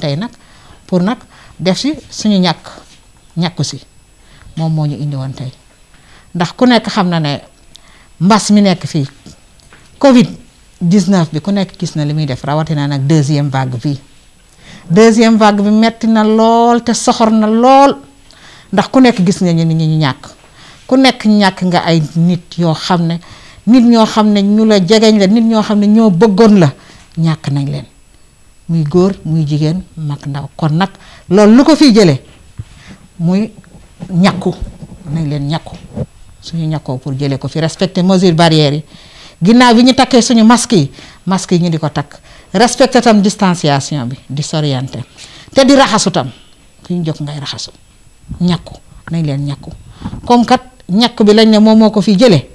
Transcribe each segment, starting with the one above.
tey nag pour nag def si suñu ñàkk ñàkku si moom moo ñu indi woon tey ndax ku nekk xam na ne mbas mi nekk fii Covid 19 bi ku nekk gis na li muy def rawatina nag deuxième vague bii deuxième vague bi metti na lool te soxor na lool ndax ku nekk gis nga ñu ñàkk ku nekk ñàkk nga ay nit yoo xam ne nit ñoo xam ne ñu la jegeñ la nit ñoo xam ne ñoo bëggoon la ñàkk nañ leen. muy góor muy jigéen mag ndaw kon nag loolu lu ko fi jëlee muy ñàkku nañ leen ñàkku suñu ñàkkoo pour jëlee ko fi respecter mesure barrière yi ginnaaw bi ñu takkee suñu masque yi masque yi ñu di ko takk respecter tam distanciation bi di soriante te di raxasu tam fi ñu jóg ngay raxasu ñàkku nañ leen ñàkku comme kat ñàkk bi lañ ne moom moo ko fi jëlee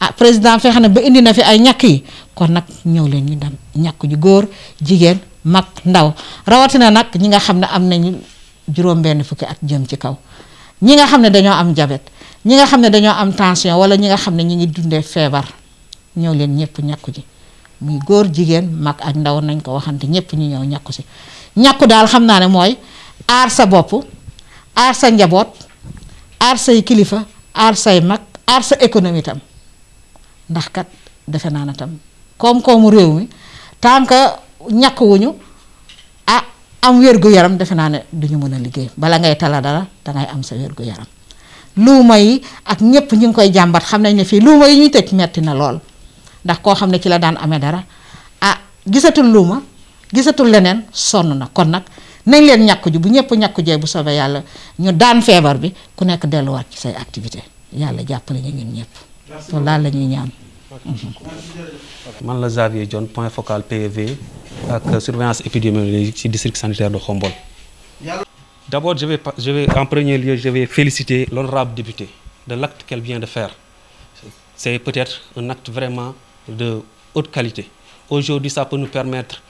ah président fexe na ba indi na fi ay ñàkk yi kon nag ñëw leen ñu dem ñàkk ju góor jigéen. mag ndaw rawatina nag ñi nga xam ne am nañu juróom-benn fukki at jëm ci kaw ñi nga xam ne dañoo am jabet ñi nga xam ne dañoo am tension wala ñi nga xam ne ñi ngi dundee feebar ñëw leen ñëpp ñàkku ji muy góor jigéen mag ak ndaw nañ ko waxante ñëpp ñu ñëw ñàkku si ñàkku daal xam naa ne mooy aar sa bopp aar sa njaboot aar say kilifa aar say mag aar sa économie tam ndax kat defe naa ne tam koom-koomu réew mi tant ñàkk wuñu a ah, am wér-gu-yaram defe naa ne duñu mën a liggéey bala ngay tala dara dangay am sa wér-gu-yaram luuma yi ak ñëpp ñu ngi koy jàmbat xam nañ ne fii luuma yi ñuy tëj metti na lool ndax koo xam ne ci la daan amee dara ah gisatul luuma gisatul leneen sonn na kon nag nañ leen ñàkku ji bu ñëpp ñàkku jee bu soobee yàlla ñu daan feebar bi ku nekk delluwaat ci say activité yàlla jàppale ñu ñun ñëpp loolu daal la ñaan man la Xavier Dione point ak surveillance épidémiologique ci district sanitaire de Khombole. d' abord je vais je vais en premier lieu je vais féliciter l'honorable député de l' acte qu'elle vient de faire c' est peut être un acte vraiment de haute qualité aujourd'hui ça peut nous permettre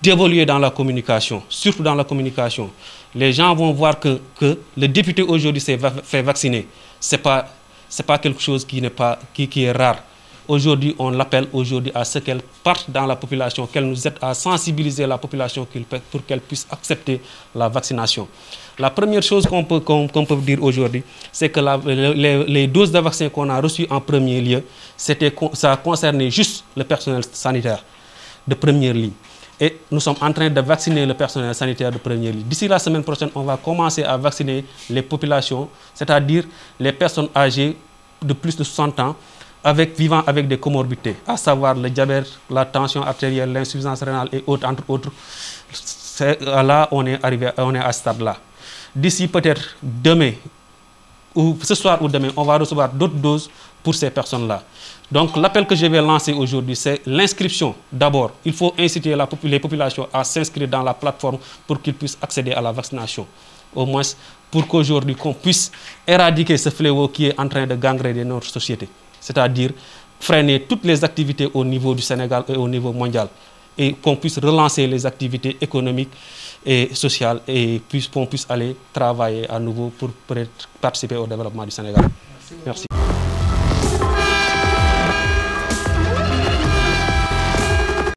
d'évoluer dans la communication surtout dans la communication les gens vont voir que le député aujourd'hui s'est fait vacciner c'est pas c'est pas quelque chose qui n'est pas qui est rare Aujourd'hui, on l'appelle aujourd'hui à ce qu'elle parte dans la population, qu'elle nous aide à sensibiliser la population pour qu'elle puisse accepter la vaccination. La première chose qu'on peut, qu qu peut, dire aujourd'hui, c'est que la, les, les, doses de vaccins qu'on a reçues en premier lieu, ça concernait juste le personnel sanitaire de première ligne. Et nous sommes en train de vacciner le personnel sanitaire de première ligne. D'ici la semaine prochaine, on va commencer les populations, c'est-à-dire les personnes âgées de plus de 60 avec, vivant avec des comorbidités, à savoir le diabète, la tension artérielle, l'insuffisance rénale et autres, entre autres, euh, là, on est, arrivé, on est à stade-là. D'ici peut-être demain, ou ce soir ou demain, on va recevoir d'autres doses pour ces personnes-là. Donc l'appel que je vais lancer aujourd'hui, c'est l'inscription. D'abord, il faut inciter la, les populations à s'inscrire dans la plateforme pour qu'ils puissent accéder à la vaccination. Au moins, pour qu'aujourd'hui, qu'on puisse éradiquer ce fléau qui est en train de société. c'est-à-dire freiner toutes les activités au niveau du Sénégal et au niveau mondial, et qu'on puisse relancer les activités économiques et sociales, et qu'on puisse aller travailler à nouveau pour participer au développement du Sénégal.